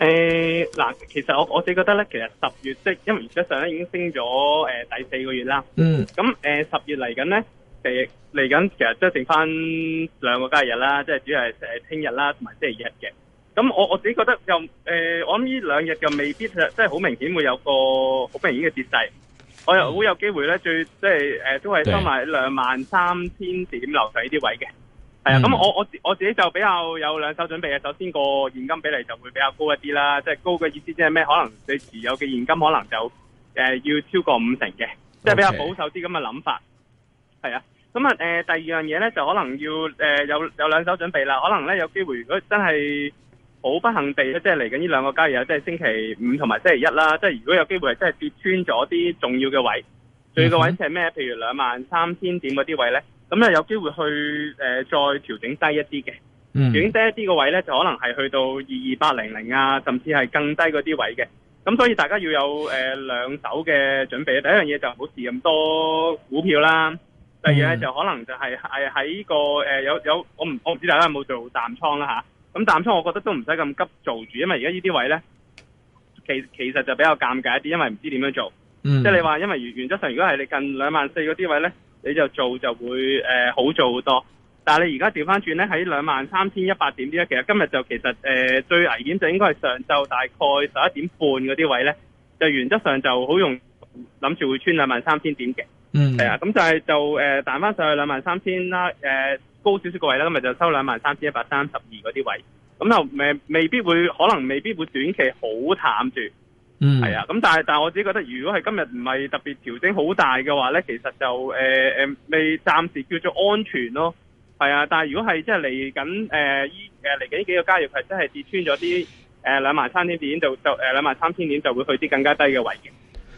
誒嗱、呃，其實我我自己覺得咧，其實十月即係因為而家上咧已經升咗誒、呃、第四個月啦。嗯。咁誒十月嚟緊咧，嚟嚟緊其實即係剩翻兩個交易日啦，即係主要係誒聽日啦同埋星期日嘅。咁我我自己覺得又誒、呃，我諗呢兩日就未必即係好明顯會有個好明顯嘅跌勢。嗯、我又好有機會咧，最即係誒、呃、都係收埋兩萬三千點留低啲位嘅。係啊，咁我我我自己就比較有兩手準備嘅。首先個現金比例就會比較高一啲啦，即係高嘅意思即係咩？可能你持有嘅現金可能就誒、呃、要超過五成嘅，Okay. 即係比較保守啲咁嘅諗法。係啊，咁啊誒，第二樣嘢咧就可能要誒、呃、有有兩手準備啦。可能咧有機會，如果真係好不幸地，即係嚟緊呢兩個交易日，即係星期五同埋星期一啦。即係如果有機會係真係跌穿咗啲重要嘅位，重、mm hmm. 要位即係咩？譬如兩萬三千點嗰啲位咧。咁咧有機會去誒、呃、再調整低一啲嘅，調整、嗯、低一啲個位咧，就可能係去到二二八零零啊，甚至係更低嗰啲位嘅。咁所以大家要有誒、呃、兩手嘅準備。第一樣嘢就唔好持咁多股票啦。第二咧就可能就係係喺個誒、呃、有有我唔我唔知大家有冇做淡倉啦、啊、咁淡倉我覺得都唔使咁急做住，因為而家呢啲位咧，其其實就比較尷尬一啲，因為唔知點樣做。即係你話，因為原則上如果係你近兩萬四嗰啲位咧。你就做就會誒、呃、好做好多，但係你而家調翻轉咧，喺兩萬三千一百點啲咧，其實今日就其實誒、呃、最危險就應該係上晝大概十一點半嗰啲位咧，就原則上就好容易諗住會穿兩萬三千點嘅，嗯、mm，係、hmm. 啊，咁就係就誒、呃、彈翻上去兩萬三千啦，高少少個位啦，今日就收兩萬三千一百三十二嗰啲位，咁就未、呃、未必會，可能未必會短期好淡住。嗯，係啊，咁但係但係我自己覺得，如果係今日唔係特別調整好大嘅話咧，其實就誒誒未暫時叫做安全咯，係啊，但係如果係即係嚟緊誒依誒嚟緊呢幾個交易係真係跌穿咗啲誒兩萬三千點就就誒兩萬三千點就會去啲更加低嘅位嘅，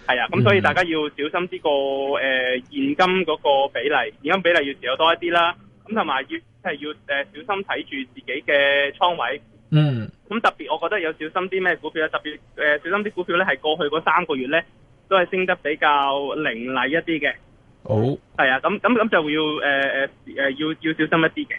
係啊，咁、嗯啊、所以大家要小心呢、呢個誒、呃、現金嗰個比例，現金比例要持有多一啲啦，咁同埋要即係要誒、呃、小心睇住自己嘅倉位。嗯，咁特別，我覺得有小心啲咩股票啊？特別誒、呃，小心啲股票咧，係過去嗰三個月咧，都係升得比較凌厲一啲嘅。哦，係啊，咁咁咁就會要誒誒誒，要要小心一啲嘅。誒、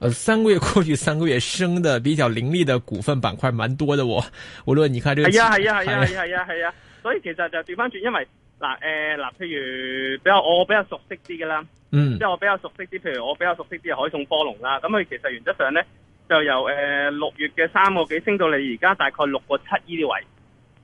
呃，三個月過去，三個月升得比較凌厲的股份板塊，蠻多的喎。無論你看，係啊，係啊，係啊，係啊， 係啊，所以其實就調翻轉，因為嗱誒嗱，譬如比較我比較熟悉啲嘅啦，嗯，即係我比較熟悉啲，譬如我比較熟悉啲係海信科龍啦。咁佢其實原則上咧。就由誒六、呃、月嘅三個幾升到你而家大概六個七呢啲位，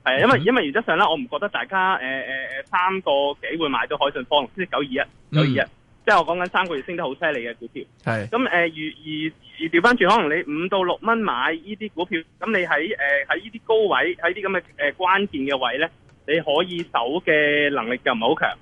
係啊、嗯，因為因為原則上咧，我唔覺得大家誒誒誒三個幾會買到海信科龍，即係九二一、九二一，即係我講緊三個月升得好犀利嘅股票。係咁誒，而而而調翻轉，可能你五到六蚊買依啲股票，咁你喺誒喺依啲高位，喺啲咁嘅誒關鍵嘅位咧，你可以守嘅能力就唔係好強。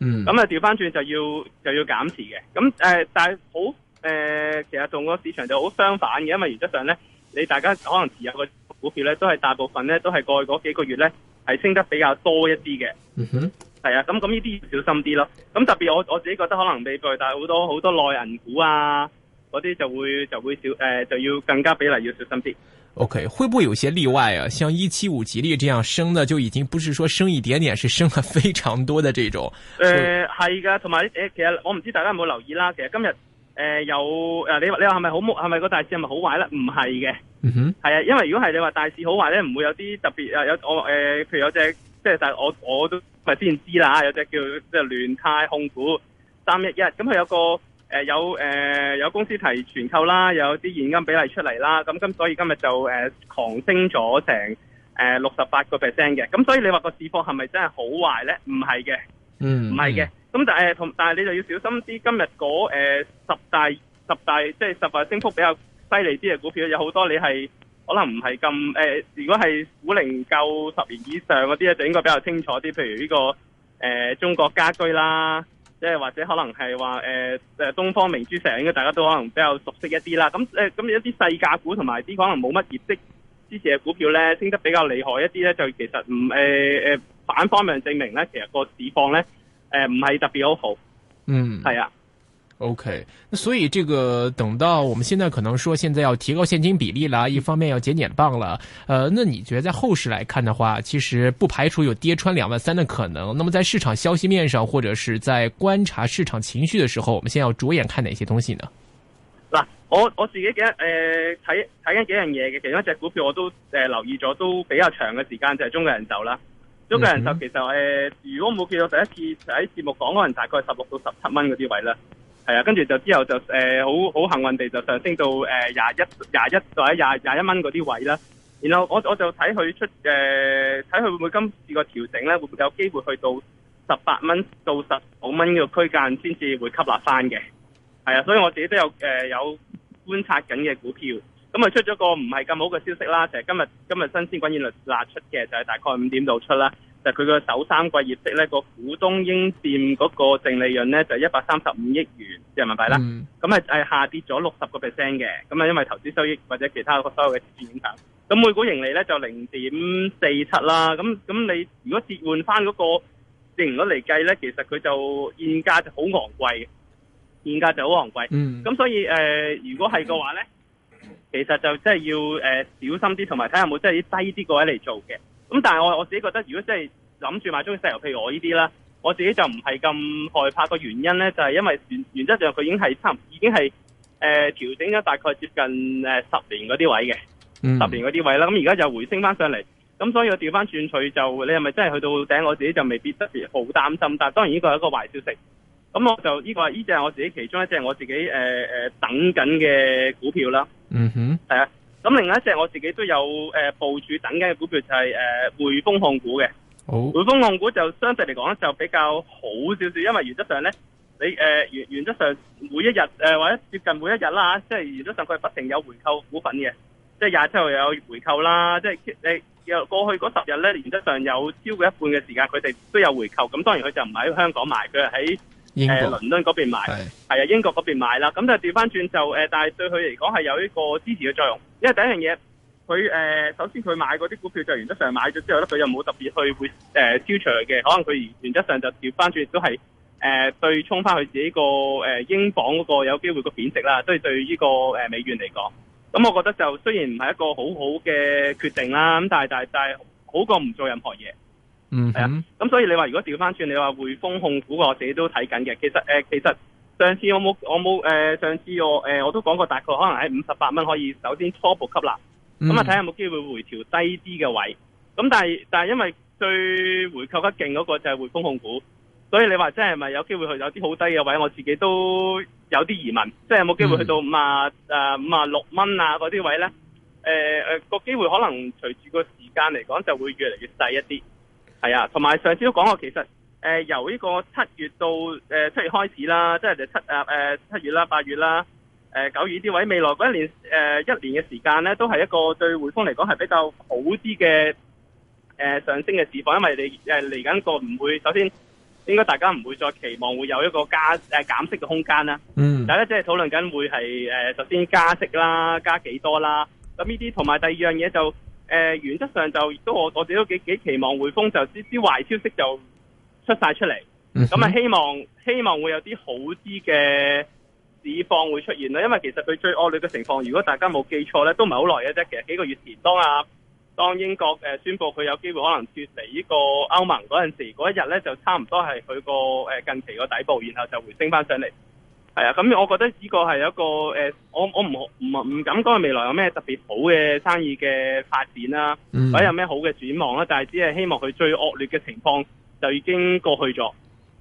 嗯，咁啊調翻轉就要就要減持嘅。咁誒、呃，但係好。誒、呃，其實同個市場就好相反嘅，因為原則上咧，你大家可能持有嘅股票咧，都係大部分咧，都係過去嗰幾個月咧，係升得比較多一啲嘅。嗯哼，係啊，咁咁呢啲要小心啲咯。咁特別我我自己覺得可能被放大好多好多內銀股啊，嗰啲就會就會少誒、呃，就要更加比例要小心啲。OK，會唔會有些例外啊？像一七五吉利這樣升呢，就已經不是說升一點點，是升咗非常多的這種。誒，係噶、呃，同埋誒，其實我唔知大家有冇留意啦，其實今日。誒、呃，有誒，你你話係咪好，係咪個大市係咪好壞咧？唔係嘅，係啊、嗯哼，因為如果係你話大市好壞咧，唔會有啲特別誒，有我誒、呃，譬如有隻即係但係我我都咪先知啦，有隻叫即係聯泰控股三一一，咁佢有個誒、呃、有誒、呃、有公司提全購啦，有啲現金比例出嚟啦，咁咁所以今日就誒、呃、狂升咗成誒六十八個 percent 嘅，咁、呃、所以你話個市況係咪真係好壞咧？唔係嘅，唔係嘅。嗯嗯咁但係同但係你就要小心啲，今日嗰、呃、十大十大即係十大升幅比較犀利啲嘅股票，有好多你係可能唔係咁誒。如果係股齡夠十年以上嗰啲咧，就應該比較清楚啲。譬如呢個誒、呃、中國家居啦，即係或者可能係話誒誒東方明珠城，應該大家都可能比較熟悉一啲啦。咁誒咁一啲細價股同埋啲可能冇乜業績支持嘅股票咧，升得比較厲害一啲咧，就其實唔誒誒反方面證明咧，其實個市況咧。誒，唔係、呃、特別好,好，嗯，係啊，OK。那所以這個等到我們現在可能說，現在要提高現金比例啦，一方面要減減磅啦。呃，那你覺得在後市來看的話，其實不排除有跌穿兩萬三的可能。那麼在市場消息面上，或者是在觀察市場情緒的時候，我們先要着眼看哪些東西呢？嗱，我我自己、呃、幾誒睇睇緊幾樣嘢嘅，其中一隻股票我都誒、呃、留意咗，都比較長嘅時間就係、是、中國人壽啦。中國人就其實誒、呃，如果冇記錯第一次喺節目講可能大概十六到十七蚊嗰啲位啦，係啊，跟住就之後就誒好好幸運地就上升到誒廿一廿一或者廿廿一蚊嗰啲位啦。然後我我就睇佢出誒睇佢會唔會今次個調整咧，會唔會有機會去到十八蚊到十五蚊嘅區間先至會吸納翻嘅。係啊，所以我自己都有誒、呃、有觀察緊嘅股票。咁啊，出咗個唔係咁好嘅消息啦，就係今日今日新鮮滾熱辣出嘅，就係大概五點到出啦。就佢個首三季業績咧，個股東應佔嗰個淨利潤咧，就一百三十五億元人民幣啦。咁啊，係、嗯、下跌咗六十個 percent 嘅。咁啊，因為投資收益或者其他個所有嘅市場影響。咁每股盈利咧就零點四七啦。咁咁你如果折換翻、那、嗰個市盈率嚟計咧，其實佢就現價就好昂貴嘅，現價就好昂貴。嗯。咁所以誒、呃，如果係嘅話咧。其實就真係要誒、呃、小心啲，同埋睇下有冇真係低啲位嚟做嘅。咁、嗯、但係我我自己覺得，如果真係諗住買中石油，譬如我呢啲啦，我自己就唔係咁害怕。個原因咧，就係、是、因為原原則上佢已經係差唔，已經係誒調整咗大概接近誒十年嗰啲位嘅，十年嗰啲位啦。咁而家就回升翻上嚟，咁、嗯、所以我調翻轉去就你係咪真係去到頂？我自己就未必特別好擔心。但係當然呢個係一個壞消息。咁、嗯、我就呢、這個呢只係我自己其中一隻我自己誒誒、呃呃、等緊嘅股票啦。嗯哼，係、mm hmm. 啊，咁另外一隻我自己都有誒佈、呃、署等緊嘅股票就係誒匯豐控股嘅。好，匯豐控股就相對嚟講咧就比較好少少，因為原則上咧你誒原、呃、原則上每一日誒、呃、或者接近每一日啦，即、就、係、是、原則上佢係不停有回購股份嘅，即係廿七號又有回購啦，即、就、係、是、你又過去嗰十日咧，原則上有超過一半嘅時間佢哋都有回購，咁當然佢就唔喺香港買，佢係喺，誒，倫敦嗰邊買係，啊，英國嗰邊、呃、買啦，咁就調翻轉就誒，但係、呃、對佢嚟講係有一個支持嘅作用，因為第一樣嘢，佢誒、呃，首先佢買嗰啲股票就原則上買咗之後咧，佢又冇特別去會誒消除嘅，可能佢原則上就調翻轉都係誒對沖翻佢自己個誒、呃、英鎊嗰個有機會個貶值啦，所以對呢、這個誒、呃、美元嚟講，咁我覺得就雖然唔係一個好好嘅決定啦，咁但係但係但係好過唔做任何嘢。Mm hmm. 啊、嗯，係啊，咁所以你話如果調翻轉，你話匯豐控股，我自己都睇緊嘅。其實誒、呃，其實上次我冇我冇誒、呃，上次我誒、呃，我都講過，大概可能喺五十八蚊可以首先初步吸納，咁啊睇下有冇機會回調低啲嘅位。咁、嗯、但係但係因為最回購得勁嗰個就係匯豐控股，所以你話即係咪有機會去有啲好低嘅位，我自己都有啲疑問，即、就、係、是、有冇機會去到五啊誒五啊六蚊啊嗰啲位咧？誒誒、mm hmm. 呃呃那個機會可能隨住個時間嚟講就會越嚟越細一啲。係啊，同埋上次都講過，其實誒、呃、由呢個七月到誒、呃、七月開始啦，即係七七月啦、八月啦、呃、九月啲位未來嗰一年誒、呃、一年嘅時間咧，都係一個對匯豐嚟講係比較好啲嘅誒上升嘅市況，因為你誒嚟緊個唔會首先應該大家唔會再期望會有一個加誒、呃、減息嘅空間啦。嗯，但係咧即係討論緊會係誒、呃、首先加息啦，加幾多啦？咁呢啲同埋第二樣嘢就。誒、呃、原則上就都我我哋都幾幾期望匯豐就啲啲壞消息就出晒出嚟，咁啊、嗯、哼希望希望會有啲好啲嘅市況會出現啦。因為其實佢最惡劣嘅情況，如果大家冇記錯咧，都唔係好耐嘅啫。其實幾個月前，當阿、啊、當英國誒、呃、宣布佢有機會可能脱離呢個歐盟嗰陣時候，嗰一日咧就差唔多係佢個誒近期個底部，然後就回升翻上嚟。係啊，咁我覺得呢個係一個誒，我我唔唔唔敢講未來有咩特別好嘅生意嘅發展啦，嗯、或者有咩好嘅展望啦，但係只係希望佢最惡劣嘅情況就已經過去咗。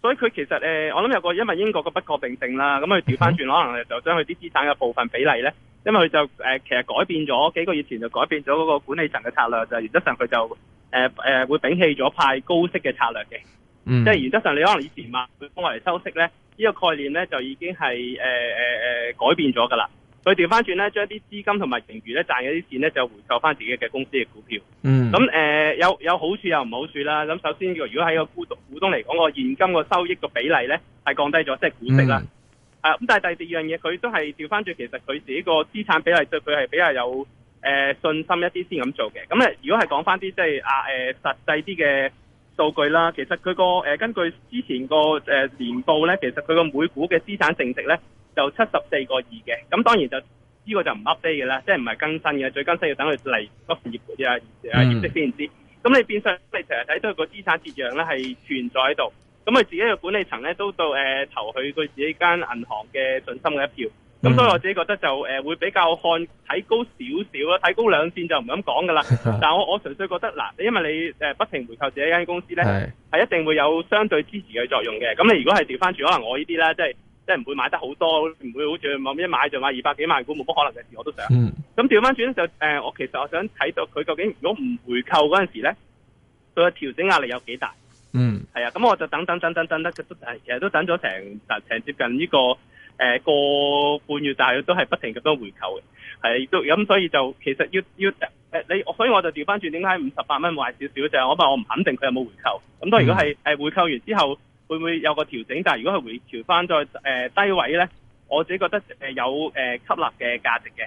所以佢其實誒、呃，我諗有個，因為英國嘅不確定性啦，咁佢調翻轉，Okay. 可能就將佢啲資產嘅部分比例咧，因為佢就誒、呃，其實改變咗幾個月前就改變咗嗰個管理層嘅策略，就是、原則上佢就誒誒、呃呃、會摒棄咗派高息嘅策略嘅，即係、mm. 原則上你可能以前話會幫我嚟收息咧，呢、呢個概念咧就已經係誒誒誒改變咗㗎啦。佢調翻轉咧，將一啲資金同埋盈餘咧賺咗啲錢咧，就回購翻自己嘅公司嘅股票。嗯。咁誒、呃、有有好處又唔好處啦。咁首先，如果喺個股東股東嚟講，個現金個收益個比例咧係降低咗，即、就、係、是、股息啦。咁、嗯啊、但係第二樣嘢，佢都係調翻轉，其實佢自己個資產比例對佢係比較有誒、呃、信心一啲先咁做嘅。咁、嗯、如果係講翻啲即係啊誒、呃、實際啲嘅數據啦，其實佢個、呃、根據之前個、呃、年報咧，其實佢個每股嘅資產淨值咧，就七十四個二嘅，咁當然就呢、這個就唔 update 嘅啦，即係唔係更新嘅，最更新要等佢嚟個業啊啊、嗯、業績先知。咁你變相你成日睇到佢個資產折讓咧係存在喺度，咁佢自己嘅管理層咧都到誒、呃、投佢佢自己間銀行嘅信心嘅一票。咁所以我自己覺得就誒、呃、會比較看睇高少少，睇高兩綫就唔敢講噶啦。 但係我我純粹覺得嗱，因為你誒、呃、不停回購自己間公司咧，係是一定會有相對支持嘅作用嘅。咁你如果係調翻住，可能我呢啲咧即係。即係唔會買得好多，唔會好似望一買就買二百幾萬股，冇乜可能嘅事。我都想。嗯。咁調翻轉咧就誒，我其實我想睇到佢究竟如果唔回購嗰陣時咧，佢嘅調整壓力有幾大？嗯。係啊，咁我就等等等等等等，其實都等咗成成接近呢、這個誒個、呃、半月，但係都係不停咁樣回購嘅，係、啊、都咁所以就其實要要誒、呃、你，所以我就調翻轉，點解五十八蚊壞少少就是？我話我唔肯定佢有冇回購。咁當如果係誒、嗯、回購完之後。會唔會有個調整？但如果係回調返再低位呢，我自己覺得有吸納嘅價值嘅。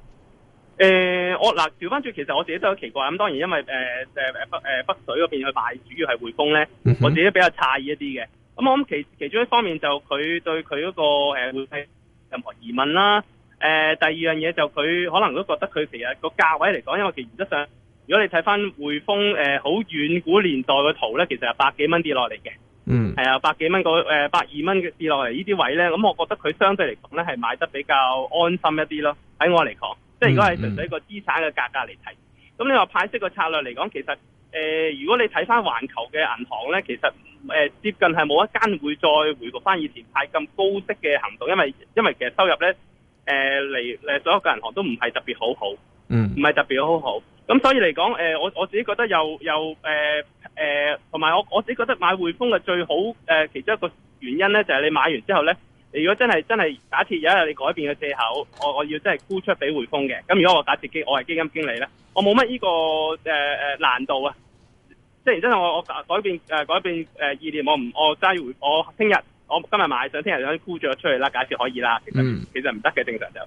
誒、欸，我嗱調翻轉，其實我自己都有奇怪。咁當然，因為誒誒誒北誒北水嗰邊去買，主要係匯豐咧，嗯、哼我自己都比較詫異一啲嘅。咁我諗其其中一方面就佢對佢嗰、那個誒匯豐任何疑問啦。誒、呃，第二樣嘢就佢可能都覺得佢其實個價位嚟講，因為其實原則上，如果你睇翻匯豐誒好遠古年代嘅圖咧，其實係百幾蚊跌落嚟嘅。嗯。係啊，百幾蚊個誒百二蚊跌落嚟呢啲位咧，咁我覺得佢相對嚟講咧係買得比較安心一啲咯。喺我嚟講。即係、嗯嗯、如果係純粹一個資產嘅價格嚟睇，咁你話派息嘅策略嚟講，其實誒、呃，如果你睇翻環球嘅銀行咧，其實誒、呃、接近係冇一間會再回復翻以前派咁高息嘅行動，因為因為其實收入咧誒嚟誒所有嘅銀行都唔係特別好好，不是好嗯，唔係特別好好。咁所以嚟講，誒、呃、我我自己覺得又又誒誒，同、呃、埋、呃、我我自己覺得買匯豐嘅最好誒、呃、其中一個原因咧，就係、是、你買完之後咧。如果真係真係假設有一日你改變嘅借口，我我要真係沽出俾匯豐嘅，咁如果我假設基我係基金經理咧，我冇乜呢個誒誒難度啊！即係真係我我改變誒改變誒意念，我唔我齋回我聽日我今日買，想聽日想沽咗出去啦，假設可以啦，其實其實唔得嘅，正常就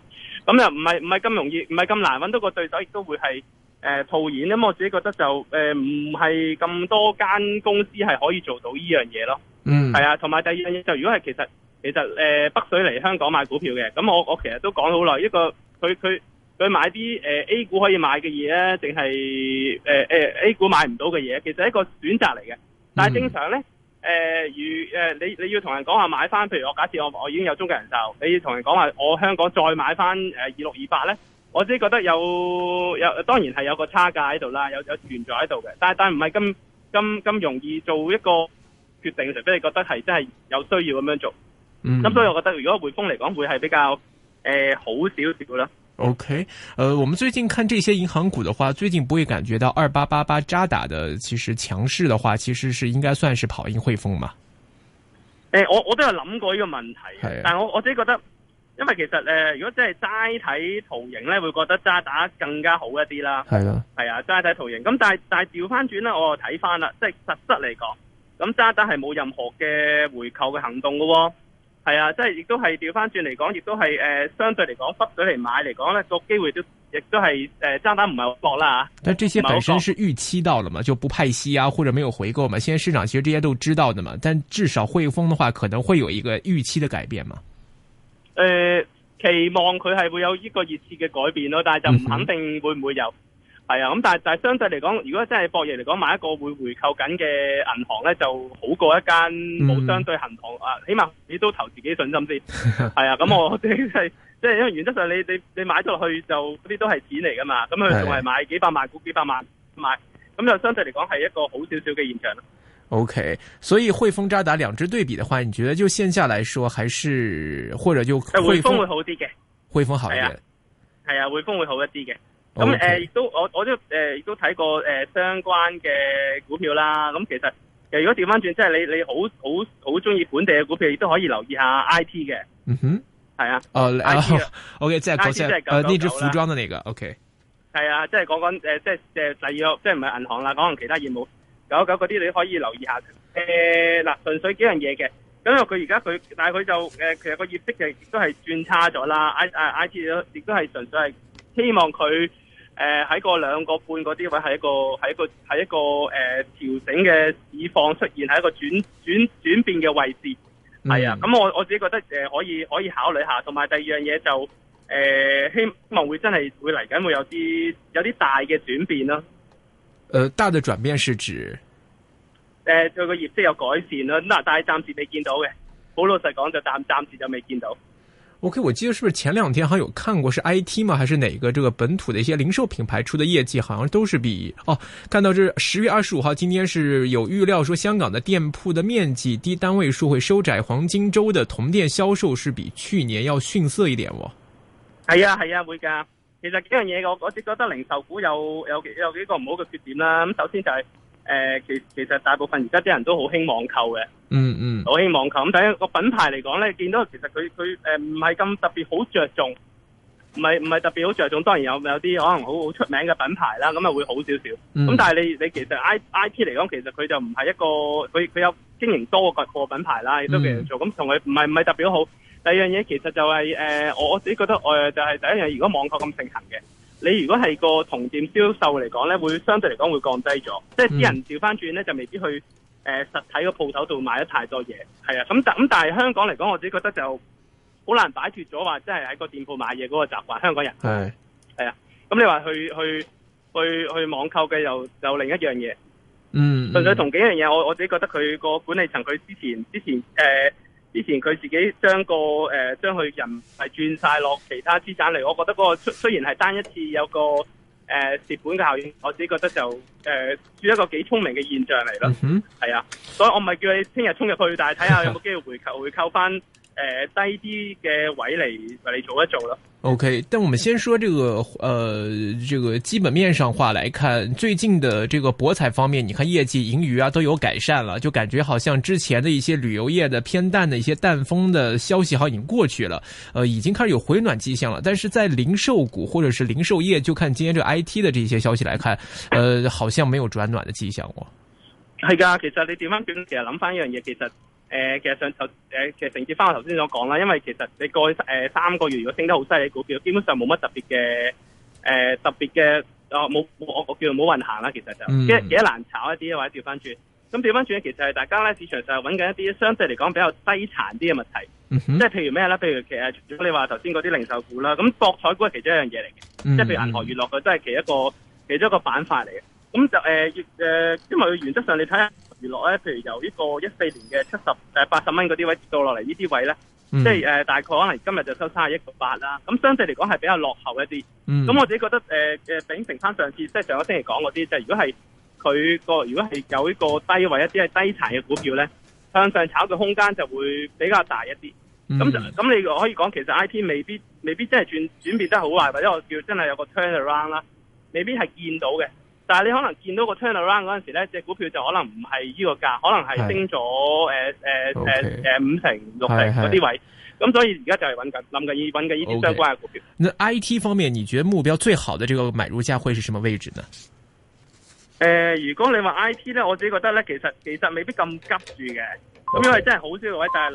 咁又唔係唔係咁容易，唔係咁難搵到個對手，亦都會係誒套現。咁，呃，我自己覺得就誒唔係咁多間公司係可以做到呢樣嘢咯。嗯，係啊，同埋第二樣嘢就如果係其實。其實誒、呃，北水嚟香港買股票嘅，咁我我其實都講好耐，一個佢佢佢買啲誒、呃、A 股可以買嘅嘢咧，定係誒誒 A 股買唔到嘅嘢，其實一個選擇嚟嘅。但係正常咧，誒、呃、如誒、呃、你你要同人講話買翻，譬如我假設我我已經有中國人壽，你要同人講話我香港再買翻誒二六二八咧，我自己覺得有有當然係有個差價喺度啦，有有存在喺度嘅，但係但唔係咁咁咁容易做一個決定，除非你覺得係真係有需要咁樣做。嗯，咁所以我覺得如果匯豐嚟講會係比較誒、呃、好少少啦。O K，誒，我們最近看這些銀行股的話，最近不會感覺到二八八八渣打的其實強勢的話，其實是應該算是跑贏匯豐嘛？誒、呃，我我都有諗過呢個問題，啊、但我我自己覺得，因為其實誒，如果真係齋睇圖形咧，會覺得渣打更加好一啲啦。係咯，係啊，齋睇圖形咁，但係但係調翻轉咧，我又睇翻啦，即係實質嚟講，咁渣打係冇任何嘅回購嘅行動噶係啊，即係亦都係調翻轉嚟講，亦都係誒，相對嚟講，北水嚟買嚟講咧，個機會都亦都係誒，爭單唔係好搏啦吓。但係呢啲本身係預期到啦嘛，就不派息啊，或者沒有回購嘛，現在市場其實呢啲都知道嘅嘛。但至少匯豐嘅話，可能會有一個預期嘅改變嘛。誒、呃，期望佢係會有呢個熱切嘅改變咯，但係就唔肯定會唔會有。嗯係啊，咁但係但係相對嚟講，如果真係博嘢嚟講，買一個會回購緊嘅銀行咧，就好過一間冇相對銀行啊，嗯、起碼你都投自己信心先。係 啊，咁我即係即係，因為原則上你你你買咗落去就嗰啲都係錢嚟噶嘛，咁佢仲係買幾百萬股幾百萬，買，咁就相對嚟講係一個好少少嘅現象咯。OK，所以匯豐渣打兩支對比嘅話，你覺得就現下來說，還是或者就匯豐會好啲嘅？匯豐好啲，係啊，係啊，匯豐會好一啲嘅。咁誒亦都我我、呃、都誒亦都睇過誒、呃、相關嘅股票啦。咁、嗯、其實其實、呃、如果調翻轉，即係你你好好好中意本地嘅股票，亦都可以留意下 I T 嘅。嗯哼、mm，係、hmm. 啊。誒，I T，O K，即係講緊。誒 okay,，uh, 呢支服裝嘅呢個 O K。係、okay. 啊，即係講緊誒，即係誒，第二即係唔係銀行啦，可能其他業務九九嗰啲你可以留意下。誒、呃、嗱，純粹幾樣嘢嘅。咁又佢而家佢但係佢就誒、呃，其實個業績就亦都係轉差咗啦。I T 亦都係純粹係希望佢。誒，喺、呃、個兩個半嗰啲位係一個係一個係一個誒、呃、調整嘅市況出現，係一個轉轉轉變嘅位置，係啊、嗯。咁我、嗯、我自己覺得誒、呃、可以可以考慮一下，同埋第二樣嘢就誒、呃、希望會真係會嚟緊會有啲有啲大嘅轉變咯。誒、呃，大的轉變是指誒佢、呃這個業績有改善啦，嗱，但係暫時未見到嘅。好老實講，就暫暫時就未見到。OK，我記得是不是前兩天好像有看過，是 IT 嘛，還是哪個這個本土的一些零售品牌出的業績，好像都是比哦、啊。看到這十月二十五號，今天是有預料說香港的店鋪的面積低單位數會收窄，黃金周的同店銷售是比去年要遜色一點哦。係啊係啊會噶，其實幾樣嘢我我只覺得零售股有有幾有幾個唔好嘅缺點啦。咁首先就係、是。誒，其、呃、其實大部分而家啲人都好興網購嘅、嗯，嗯嗯，好興網購。咁第一個品牌嚟講咧，見到其實佢佢誒唔係咁特別好着重，唔係唔係特別好着重。當然有有啲可能好好出名嘅品牌啦，咁啊會好少少。咁、嗯、但係你你其實 I I P 嚟講，其實佢就唔係一個，佢佢有經營多個個品牌啦，亦都俾人做。咁同佢唔係唔係特別好。第二樣嘢其實就係、是、誒、呃，我自己覺得我、呃、就係、是、第一樣，如果網購咁盛行嘅。你如果係個同店銷售嚟講咧，會相對嚟講會降低咗，嗯、即係啲人調翻轉咧就未必去誒、呃、實體個鋪頭度買得太多嘢，係啊。咁咁但係香港嚟講，我自己覺得就好難擺脫咗話，即係喺個店鋪買嘢嗰個習慣，香港人係係啊，咁係啊、嗯、你話去去去去去網購嘅又又另一樣嘢、嗯，嗯，另外同幾樣嘢，我我自己覺得佢個管理層佢之前之前誒。呃之前佢自己將個誒、呃、將佢人係轉晒落其他資產嚟，我覺得嗰個雖然係單一次有個誒、呃、蝕本嘅效應，我自己覺得就誒算、呃、一個幾聰明嘅現象嚟咯。係、嗯、哼啊，所以我唔係叫你聽日衝入去，但係睇下有冇機會回購回購翻。呃，低啲嘅位嚟，咪做一做咯。OK，但我們先說這個，呃，這個基本面上話來看，最近的這個博彩方面，你看業績盈餘啊都有改善了，就感覺好像之前的一些旅遊業的偏淡的一些淡風的消息，好像已經過去了。呃，已經開始有回暖跡象了。但是在零售股或者是零售業，就看今天這 I T 的這些消息來看，呃，好像沒有轉暖的跡象。哦係噶，其實你點樣轉，其實諗翻一樣嘢，其實。誒、呃，其實上就誒、呃，其實承接翻我頭先所講啦，因為其實你過去誒、呃、三個月，如果升得好犀利，股票基本上冇乜特別嘅誒、呃、特別嘅，哦冇冇，我我叫冇運行啦，其實就，即係幾，幾難炒一啲，或者調翻轉。咁調翻轉咧，其實係大家咧，市場上係揾緊一啲相對嚟講比較低殘啲嘅問題，即係、嗯、哼譬如咩呢？譬如其實除咗你話頭先嗰啲零售股啦，咁博彩股係其中一樣嘢嚟嘅，嗯、即係譬如銀河娛樂佢都係其中一個、嗯、其中一個板塊嚟嘅，咁就誒誒、呃呃，因為原則上你睇下。娛樂咧，譬如由個 70, 呢個一四年嘅七十誒八十蚊嗰啲位跌到落嚟呢啲位咧，嗯、即係誒、呃、大概可能今日就收三十一個八啦。咁相對嚟講係比較落後一啲。咁、嗯、我自己覺得誒誒，秉承翻上次即係上個星期講嗰啲，即、就、係、是、如果係佢個如果係有呢個低位一啲係低殘嘅股票咧，向上炒嘅空間就會比較大一啲。咁、嗯、就咁你可以講其實 I P 未必未必真係轉轉變得好壞，或者我叫真係有個 turnaround 啦，未必係見到嘅。但係你可能見到個 turn around 陣時咧，隻股票就可能唔係呢個價，可能係升咗誒誒誒誒五成六成嗰啲位，咁的所以而家就係揾緊諗緊要揾緊呢啲相關嘅股票。Okay. 那 I T 方面，你覺得目標最好嘅這個買入價會係什麼位置呢？誒、呃，如果你話 I T 咧，我自己覺得咧，其實其實未必咁急住嘅，咁因為真係好少個位但係。